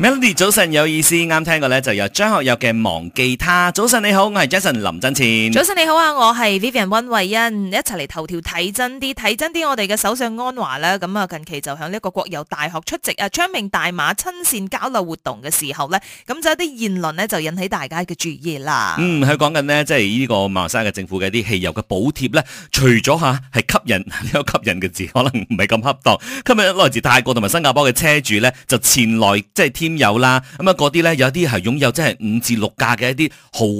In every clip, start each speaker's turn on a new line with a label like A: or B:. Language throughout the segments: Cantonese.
A: Melody 早晨有意思，啱聽過咧，就由張學友嘅忘記他。早晨你好，我係 Jason 林振前。早晨
B: 你好啊，我係 Vivian 溫慧欣，一齊嚟頭條睇真啲，睇真啲我哋嘅首相安華啦。咁啊，近期就響呢個國有大學出席啊昌明大馬親善交流活動嘅時候呢，咁就有啲言論呢就引起大家嘅注意啦。
A: 嗯，佢講緊呢，即係呢個馬來西亞嘅政府嘅啲汽油嘅補貼呢，除咗吓係吸引呢、這個吸引嘅字，可能唔係咁恰當。今日來自泰國同埋新加坡嘅車主呢，就前來即係有啦，咁啊，嗰啲呢，有啲係擁有即係五至六架嘅一啲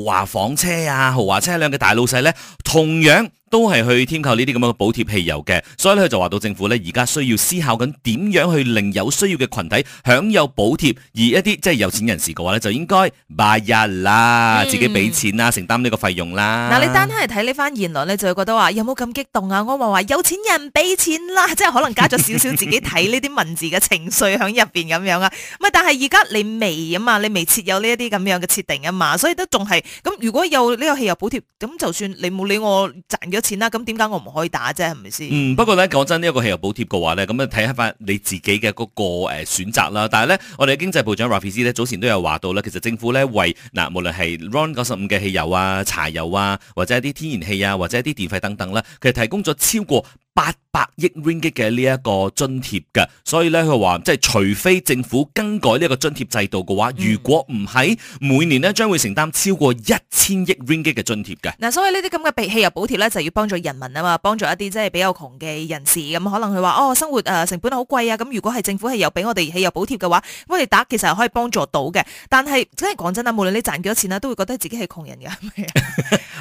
A: 豪華房車啊、豪華車輛嘅大老細呢，同樣，都係去添購呢啲咁嘅補貼汽油嘅。所以咧就話到政府咧而家需要思考緊點樣去令有需要嘅群體享有補貼，而一啲即係有錢人士嘅話咧就應該買日啦，嗯，自己俾錢啦，承擔呢個費用啦。嗱、嗯，你單單
B: 係睇呢番言論咧，就會覺得話有冇咁激動啊？我話話有錢人俾錢啦，即係可能加咗少少自己睇呢啲文字嘅情緒響入面咁樣啊。唔 但係而家你未啊嘛，你未設有呢一啲咁樣嘅設定啊嘛，所以都仲係咁。如果有呢個汽油補貼，咁就算你冇理我賺錢啦，咁點解我唔可以打啫？係咪先？
A: 嗯，不過咧講真，呢一個汽油補貼嘅話咧，咁啊睇翻你自己嘅嗰個誒選擇啦。但係咧，我哋經濟部長 Rafizi 咧早前都有話到啦，其實政府咧為嗱，無論係 Ron 九十五嘅汽油啊、柴油啊，或者一啲天然氣啊，或者一啲電費等等啦，其實提供咗超過。八百億 Ringgit 嘅呢一個津貼嘅，所以咧佢話即係除非政府更改呢一個津貼制度嘅話，嗯，如果唔係每年呢將會承擔超過一千億 Ringgit 嘅津貼嘅。嗱、啊，所
B: 以這些這樣的呢啲咁嘅俾汽油補貼咧，就係、要幫助人民啊嘛，幫助一啲即係比較窮嘅人士咁、嗯，可能佢話哦生活誒成本好貴啊，咁如果係政府係有俾我哋汽油補貼嘅話，我哋打其實係可以幫助到嘅。但係真係講真啦，無論你賺幾多錢啦，都會覺得自己係窮人嘅。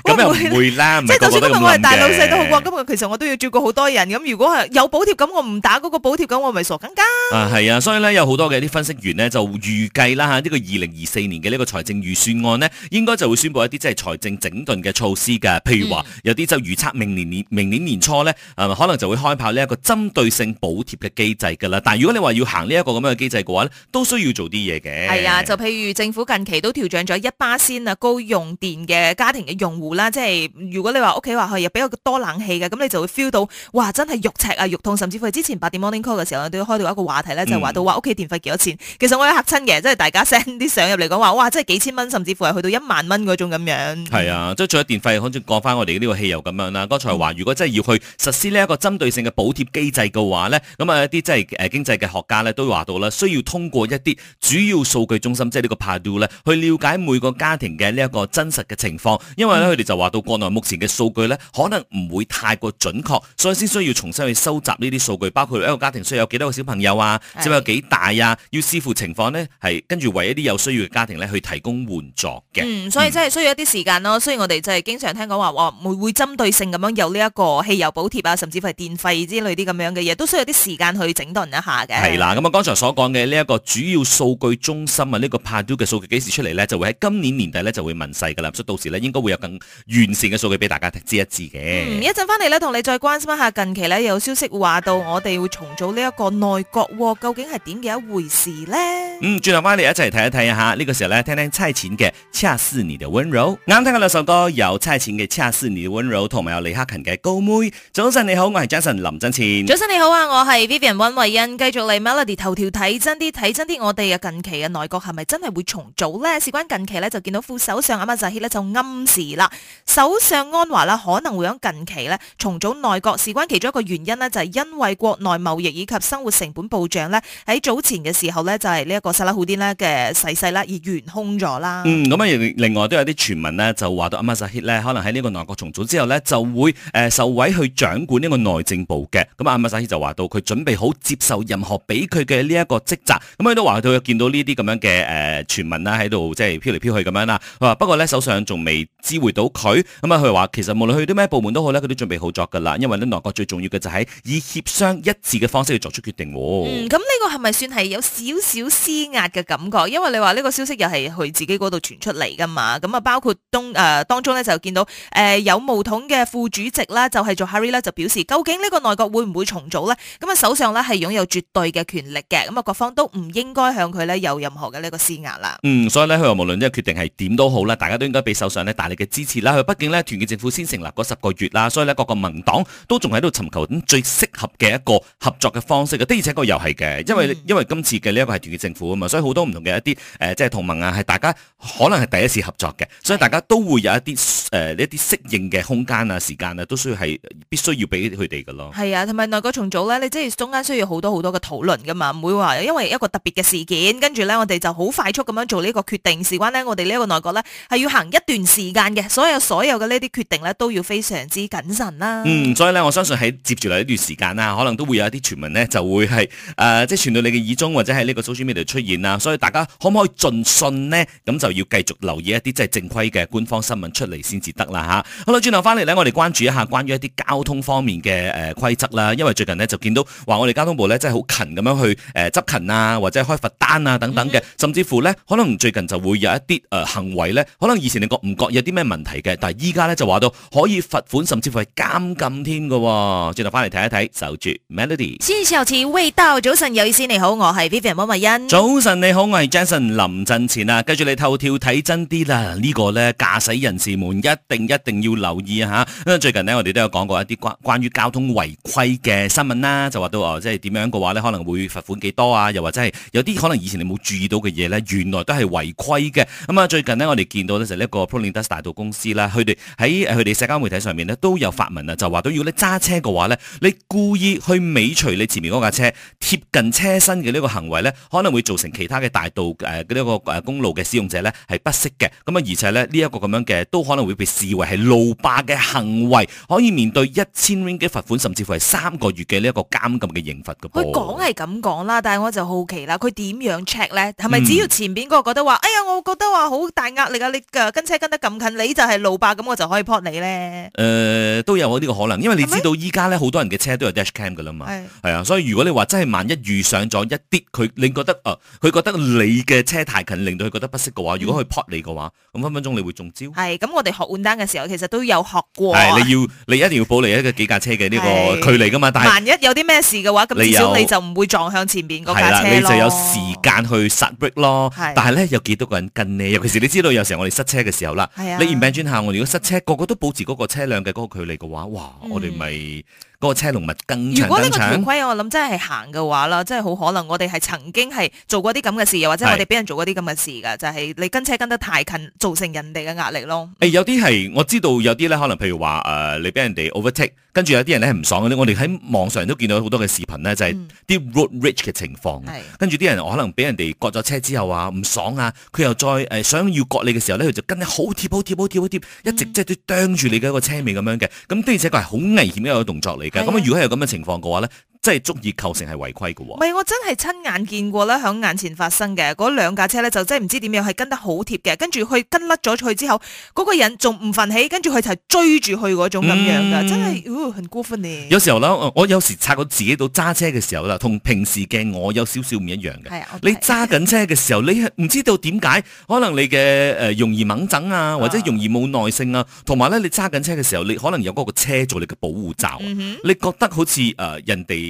B: 咁
A: 會唔會， 又唔會啦，即係就算今日我係大老細都好，
B: 今日其實我都要照顧好多人咁，如果係有補貼咁，我唔打嗰個補貼咁，我咪傻梗㗎？啊，
A: 係啊，所以咧有好多嘅啲分析員呢，就預計啦嚇呢個二零二四年嘅呢個財政預算案呢，應該就會宣布一啲即係財政整頓嘅措施嘅，譬如話有啲就預測明年年明年年初呢，誒、啊、可能就會開跑呢一個針對性補貼嘅機制㗎啦。但係如果你話要行呢一個咁樣嘅機制嘅話呢，都需要做啲嘢嘅。係啊，
B: 就譬如政府近期都調漲咗一巴仙啊高用電嘅家庭嘅用戶啦，即係如果你話屋企話係比較多冷氣嘅，咁你就會 feel 到。哇！真係肉赤啊，肉痛，甚至乎之前八點 morning call 嘅時候呢，我哋開到一個話題咧，就話到話屋企電費幾多錢，嗯？其實我有嚇親嘅，即係大家 send 啲相入嚟講話，哇！真係幾千蚊，甚至乎係去到一萬蚊嗰種咁樣。
A: 係、嗯、啊，即係仲有電費，好似講翻我哋呢個汽油咁樣啦。剛才話如果真係要去實施呢一個針對性嘅補貼機制嘅話咧，咁啊一啲即係誒經濟嘅學家咧都話到啦，需要通過一啲主要數據中心，即係呢個 Padu 咧，去了解每個家庭嘅呢一個真實嘅情況，因為咧佢哋就話到國內目前嘅數據咧，可能唔會太過準確，所以。先需要重新去收集呢啲數據，包括一個家庭需要有幾多個小朋友啊，小朋友幾大啊，要視乎情況咧，係跟住為一啲有需要嘅家庭咧去提供援助嘅。
B: 嗯，所以真係需要一啲時間咯。所以我哋就係經常聽講話，我會會針對性咁樣有呢一個汽油補貼啊，甚至乎係電費之類啲咁樣嘅嘢，都需要啲時間去整頓一下嘅。係
A: 啦，咁、嗯、啊，剛才所講嘅呢一個主要數據中心啊，呢、這個 PADU 嘅數據幾時出嚟咧，就會喺今年年底咧就會問世噶啦，所以到時咧應該會有更完善嘅數據俾大家知一知嘅。
B: 一陣翻嚟咧，同你再關心一下。近期呢有消息話到我哋會重組呢一個內閣、哦，究竟係點嘅一回事呢？嗯，
A: 轉頭翻嚟一齊睇一睇下。呢、這個時候呢，聽聽蔡琴嘅《恰似你的溫柔》，啱聽嘅兩首歌有蔡琴嘅《恰似你的溫柔》，同埋有李克勤嘅《高妹》。早晨你好，我係 Jason 林振錢。早
B: 晨你好啊，我係 Vivian 溫慧欣。繼續嚟 Melody 頭條睇真啲，睇真啲，我哋啊近期嘅內閣係咪真係會重組呢？事關近期呢，就見到副首相啊馬澤謙就暗示啦，首相安華啦可能會喺近期呢，重組內閣，事其中一個原因呢，就係、是、因為國內貿易以及生活成本暴漲部長咧，喺早前嘅時候咧，就係呢一個薩拉胡丁呢嘅逝世咧而懸空咗啦。嗯，
A: 咁、嗯、啊，另外都有啲傳聞呢，就話到阿末扎希咧，可能喺呢個內閣重組之後呢，就會誒、呃、受委去掌管呢個內政部嘅。咁、嗯嗯、啊，阿末扎希就話到佢準備好接受任何俾佢嘅呢一個職責。咁、嗯、佢都話到見到這些這樣的、呃、呢啲咁樣嘅誒傳聞啦，喺度即係飄嚟飄去咁樣啦。不過呢，首相仲未知會到佢。咁、嗯、啊，佢話其實無論去啲咩部門都好呢，佢都準備好作㗎啦，因為咧內最重要嘅就係以協商一致嘅方式去作出決定喎、哦嗯。
B: 咁呢個係咪算係有少少施壓嘅感覺？因為你話呢個消息又係佢自己嗰度傳出嚟噶嘛。咁啊，包括東、呃、當中咧就見到、呃、有巫統嘅副主席啦，就係、是、做 Harry 啦，就表示究竟呢個內閣會唔會重組咧？咁啊，首相咧係擁有絕對嘅權力嘅，咁啊各方都唔應該向佢咧有任何嘅呢個施壓啦。
A: 嗯，所以咧佢話無論呢個決定係點都好啦，大家都應該俾首相咧大力嘅支持啦。佢畢竟咧團結政府先成立嗰十個月啦，所以咧各個民黨都仲係。喺度尋求咁最適合嘅一個合作嘅方式嘅，的而且確又係嘅，因為因為今次嘅呢一個係團結政府啊嘛，所以好多唔同嘅一啲誒即係同盟啊，係大家可能係第一次合作嘅，所以大家都會有一啲。誒、呃，一啲適應嘅空間啊、時間啊，都需要係必須要俾佢哋嘅咯。
B: 係啊，同埋內閣重組咧，你即係中間需要好多好多嘅討論噶嘛，唔會話因為一個特別嘅事件，跟住咧我哋就好快速咁樣做呢個決定。事關呢，我哋呢個內閣咧係要行一段時間嘅，所有所有嘅呢啲決定咧都要非常之謹慎啦。嗯，
A: 所以咧我相信喺接住嚟一段時間啊，可能都會有一啲傳聞呢，就會係誒、呃、即係傳到你嘅耳中，或者喺呢個 social media 出現啊，所以大家可唔可以盡信呢？咁就要繼續留意一啲即係正規嘅官方新聞出嚟先。得啦吓，好啦，轉頭翻嚟咧，我哋關注一下關於一啲交通方面嘅誒規則啦，因為最近呢，就見到話我哋交通部咧真係好勤咁樣去誒執、呃、勤啊，或者開罰單啊等等嘅、嗯，甚至乎咧可能最近就會有一啲誒、呃、行為咧，可能以前你覺唔覺有啲咩問題嘅，但係依家咧就話到可以罰款，甚至乎係監禁添嘅。轉頭翻嚟睇一睇，守住 Melody。
B: 先由似 Waiter，早晨有線，你好，我係 Vivian 溫文欣。
A: 早晨你好，我係 Jason 林振前啊，跟住你頭條睇真啲啦，這個、呢個咧駕駛人士滿一定一定要留意啊！嚇，最近呢我哋都有講過一啲關於交通違規嘅新聞啦，就話到哦、呃，即係點樣嘅話呢可能會罰款幾多啊？又或者係有啲可能以前你冇注意到嘅嘢呢，原來都係違規嘅。咁、嗯、啊，最近呢，我哋見到呢就呢、係、個 Prolintas 大道公司啦，佢哋喺佢哋社交媒體上面呢都有發文啊，就話到，如果你揸車嘅話呢，你故意去尾隨你前面嗰架車貼近車身嘅呢個行為呢，可能會造成其他嘅大道誒、呃呢個公路嘅使用者呢係不適嘅。咁啊，而且呢，呢、呢、一個咁樣嘅都可能會。被視為係路霸嘅行為，可以面對一千蚊嘅罰款，甚至乎係三個月嘅呢一個監禁嘅刑罰嘅。佢講
B: 係咁講啦，但係我就好奇啦，佢點樣 check 咧？係咪只要前邊嗰個覺得話、嗯，哎呀，我覺得話好大壓力啊！你跟車跟得咁近，你就係路霸咁，那我就可以 pot 你咧？誒、
A: 呃，都有呢個可能，因為你知道依家咧，好多人嘅車都有 Dashcam 噶啦嘛。係啊，所以如果你話真係萬一遇上咗一啲佢，你覺得啊，佢、呃、覺得你嘅車太近，令到佢覺得不適嘅話、嗯，如果佢 pot 你嘅話，咁分分鐘你會中招。
B: 係咁，我哋學換單嘅時候，其實都有學過。係你要
A: 你一定要保留一個幾架車嘅呢個距離㗎嘛。但係萬
B: 一有啲咩事嘅話，咁至少你就唔會撞向前面嗰架車咯。你就有時
A: 間去剎 brake 咯。係。但係咧，有幾多個人跟你，尤其是你知道有時候我哋塞車嘅時候啦。係啊。你 envision 下，我如果塞車，個個都保持嗰個車輛嘅嗰個距離嘅話，哇、嗯！我哋咪～個車龍咪更長更長。如果
B: 呢個條規我諗真係行嘅話啦，真係好可能我哋係曾經係做過啲咁嘅事，又或者我哋俾人做過啲咁嘅事㗎，就係、是、你跟車跟得太近，造成人哋嘅壓力咯。
A: 欸、有啲係我知道有啲咧，可能譬如話誒、呃，你俾人哋 overtake，跟住有啲人咧係唔爽嘅，我哋喺網上都見到好多嘅視頻呢，就係、是、啲 road rage 嘅情況，跟住啲人可能俾人哋割咗車之後啊，唔爽啊，佢又再誒、呃、想要割你嘅時候咧，佢就跟得好貼好貼好貼好貼，一直即係都啄住你嘅一個車尾咁樣嘅，咁、嗯、的而且確係好危險嘅一個動作嚟。咁如果係有咁嘅情況嘅話咧？即係足以構成係違規嘅喎，唔係，
B: 我真係親眼見過啦。喺眼前發生嘅，嗰兩架車咧，就真係唔知點樣係跟得好貼嘅，跟住佢跟甩咗佢之後，嗰、那個人仲唔忿起，跟住佢就追住佢嗰種咁樣嘅、嗯，真係，嗚、呃，好辜負你。
A: 有時候咧，我有時擦過自己都揸車嘅時候啦，同平時嘅我有少少唔一樣嘅、啊 okay。你揸緊車嘅時候，你唔知道點解，可能你嘅誒容易掹整啊，或者容易冇耐性啊，同埋咧，你揸緊車嘅時候，你可能有嗰個車做你嘅保護罩、嗯，你覺得好似誒、呃、人哋。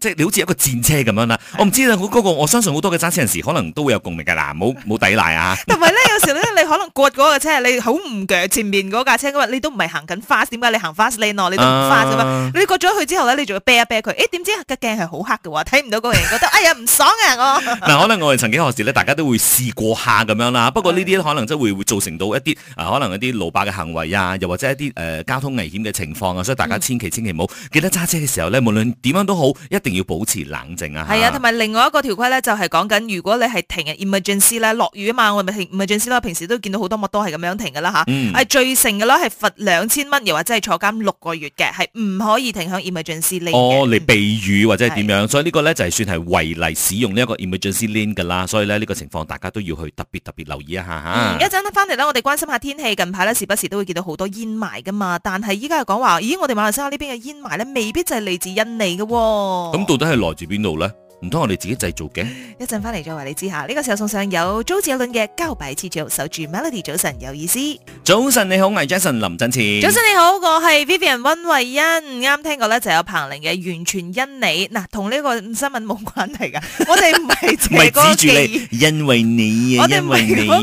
A: 即係你好似一個戰車咁樣啦，我唔知啦，嗰、嗰個我相信好多嘅揸車人士可能都會有共鳴嘅喇，冇冇抵賴啊！
B: 同埋咧，有時咧， 你可能過嗰個車，你好唔夾前面嗰架車，咁啊，你都唔係行緊花，a 點解你行 fast 你都唔花，fast 你過咗去之後咧，你仲要啤一啤佢，誒，點知個鏡係好黑嘅，睇唔到個人，覺得 哎呀唔爽啊！嗱、 呃，可
A: 能我哋曾幾何時咧，大家都會試過下咁樣啦，不過呢啲可能真係會造成到一啲可能一啲路霸嘅行為啊，又、呃、或者一啲誒、呃、交通危險嘅情況啊，所以大家千祈千祈唔好，記得揸車嘅時候咧，無論。點樣都好，一定要保持冷靜啊！係啊，同
B: 埋另外一個條規咧，就係講緊如果你係停 emergency 咧，落雨啊嘛，我咪停 emergency 啦。平時都見到好多摩哆係咁樣停噶啦吓，係罪成噶啦，係罰兩千蚊，又或者係坐監六個月嘅，係唔可以停響 emergency lane。哦，
A: 你避雨或者係點樣是？所以這個呢個咧就係算係違例使用呢一個 emergency lane 噶啦。所以呢，呢、這個情況大家都要去特別特別留意一下吓、啊。一
B: 陣翻嚟咧，我哋關心下天氣。近排咧時不時都會見到好多煙霾噶嘛，但係依家係講話，咦，我哋馬來西亞呢邊嘅煙霾咧未必就係嚟自印尼。
A: 咁到底係來自邊度咧？唔通我哋自己製造嘅？
B: 一陣翻嚟再話你知下。呢個時候送上有周杰倫嘅《膠牌製造》，守住 Melody。早晨有意思。
A: 早晨你好，我係 Jason 林振詞。早晨你
B: 好，我係 Vivian 溫慧欣。啱聽過咧就有彭羚嘅《完全因你》。嗱，同呢個新聞冇關係噶，我哋唔係唔係指住你，
A: 因為你啊，我哋唔係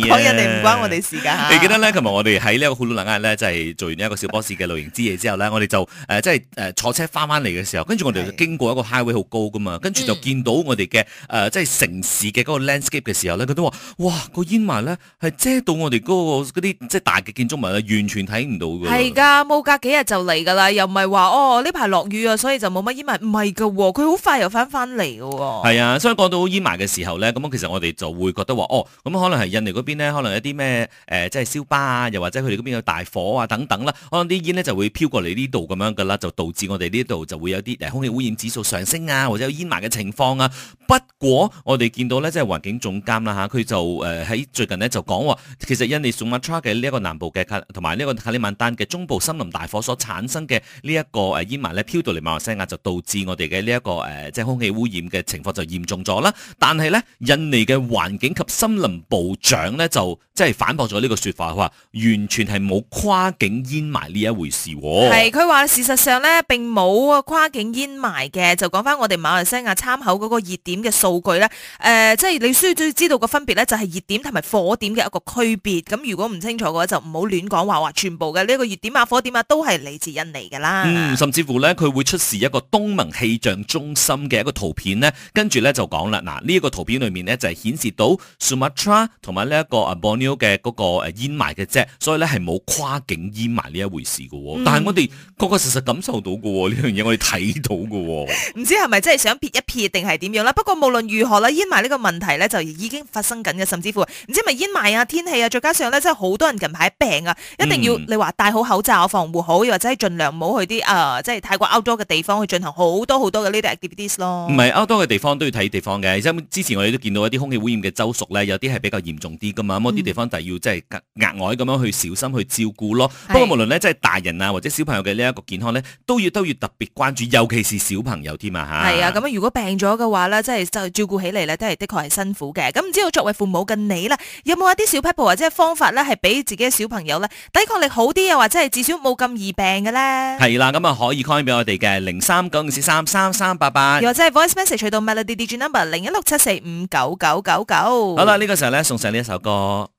A: 講人哋唔關我哋事噶吓。你記得咧，琴日我哋喺呢個呼嚕冷嘅咧，就係做完呢一個小波士嘅露營之夜之後咧，我哋就誒即係誒坐車翻翻嚟嘅時候，跟住我哋經過一個 highway 好高噶嘛，跟住就見。到我哋嘅誒，即係城市嘅嗰個 landscape 嘅時候咧，佢都話：「哇，個煙霾咧係遮到我哋嗰個嗰啲即係大嘅建築物啊，完全睇唔到嘅。係
B: 㗎，冇隔幾日就嚟㗎啦，又唔係話哦呢排落雨啊，所以就冇乜煙霾。唔係㗎，佢好快又翻翻嚟㗎
A: 喎。係啊，所以講到煙霾嘅時候咧，咁其實我哋就會覺得話：哦，咁可能係印尼嗰邊咧，可能有啲咩誒，即係燒巴啊，又或者佢哋嗰邊有大火啊等等啦，可能啲煙咧就會飄過嚟呢度咁樣㗎啦，就導致我哋呢度就會有啲誒空氣污染指數上升啊，或者有煙霾嘅情況。啊！不過我哋見到咧，即係環境總監啦嚇，佢就誒喺、呃、最近呢，就講話，其實印尼 Sumatra 嘅呢一個南部嘅同埋呢一個加里曼丹嘅中部森林大火所產生嘅呢一個誒煙霾咧，飄到嚟馬來西亞就導致我哋嘅呢一個誒、呃、即係空氣污染嘅情況就嚴重咗啦。但係咧，印尼嘅環境及森林部長咧就即係反駁咗呢個説法，佢話完全係冇跨境煙霾呢一回事。係，
B: 佢話事實上咧並冇跨境煙霾嘅，就講翻我哋馬來西亞參考。嗰、那個熱點嘅數據咧、呃，即係你需要最知道嘅分別咧，就係熱點同埋火點嘅一個區別。咁如果唔清楚嘅話就，就唔好亂講話話全部嘅呢、這個熱點啊、火點啊，都係嚟自印尼㗎啦。嗯，
A: 甚至乎咧，佢會出示一個東盟氣象中心嘅一個圖片咧，跟住咧就講啦。嗱，呢、這、一個圖片裏面咧就係顯示到 Sumatra 同埋呢一個 Borneo 嘅嗰個煙霾埋嘅啫，所以咧係冇跨境煙霾呢一回事㗎喎、哦嗯。但係我哋確確實實感受到㗎喎、哦，呢樣嘢我哋睇到㗎喎、哦。唔
B: 知係咪真係想撇一撇定係？係點樣啦？不過無論如何啦，煙霾呢個問題咧就已經發生緊嘅，甚至乎唔知咪煙霾啊、天氣啊，再加上咧，真係好多人近排病啊，一定要、嗯、你話戴好口罩防護好，又或者係盡量唔好去啲誒、呃，即係太過 outdoor 嘅地方去進行好多好多嘅呢啲 activities 咯。唔係
A: outdoor 嘅地方都要睇地方嘅，之前我哋都見到一啲空氣污染嘅州屬咧，有啲係比較嚴重啲噶嘛，咁啲地方就要即係額外咁樣去小心去照顧咯。不過無論咧，即係大人啊，或者小朋友嘅呢一個健康咧，都要都要特別關注，尤其是小朋友添啊吓。係啊，
B: 咁啊，如果病咗。嘅話咧，即係就照顧起嚟咧，都係的確係辛苦嘅。咁唔知道作為父母嘅你啦，有冇一啲小 p p e 撇步或者係方法咧，係俾自己嘅小朋友咧，抵抗力好啲，又或者係至少冇咁易病嘅咧？
A: 係啦，咁啊可以 call 俾我哋嘅零三九二四三三三八八，又或者
B: 係 voice message 去到 Melody Digi number 零一六七四五九九九九。好啦，呢、這
A: 個時候咧，送上呢一首歌。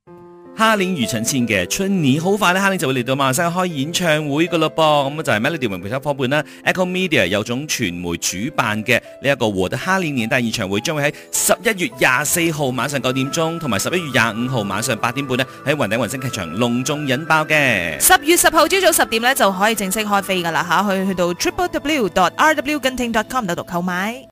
A: 哈林庾澄慶嘅春年好快咧，哈林就會嚟到馬來西亞開演唱會噶啦噃。咁就係 Melody 雲明星伙伴啦，Echo Media 有種傳媒主辦嘅呢一個和到哈林年年大演唱會，將會喺十一月廿四號晚上九點鐘，同埋十一月廿五號晚上八點半咧喺雲頂雲星劇場隆重引爆嘅。十
B: 月十號朝早十點咧就可以正式開飛噶啦吓，去去到 Triple W dot R W Genting dot com 度度購買。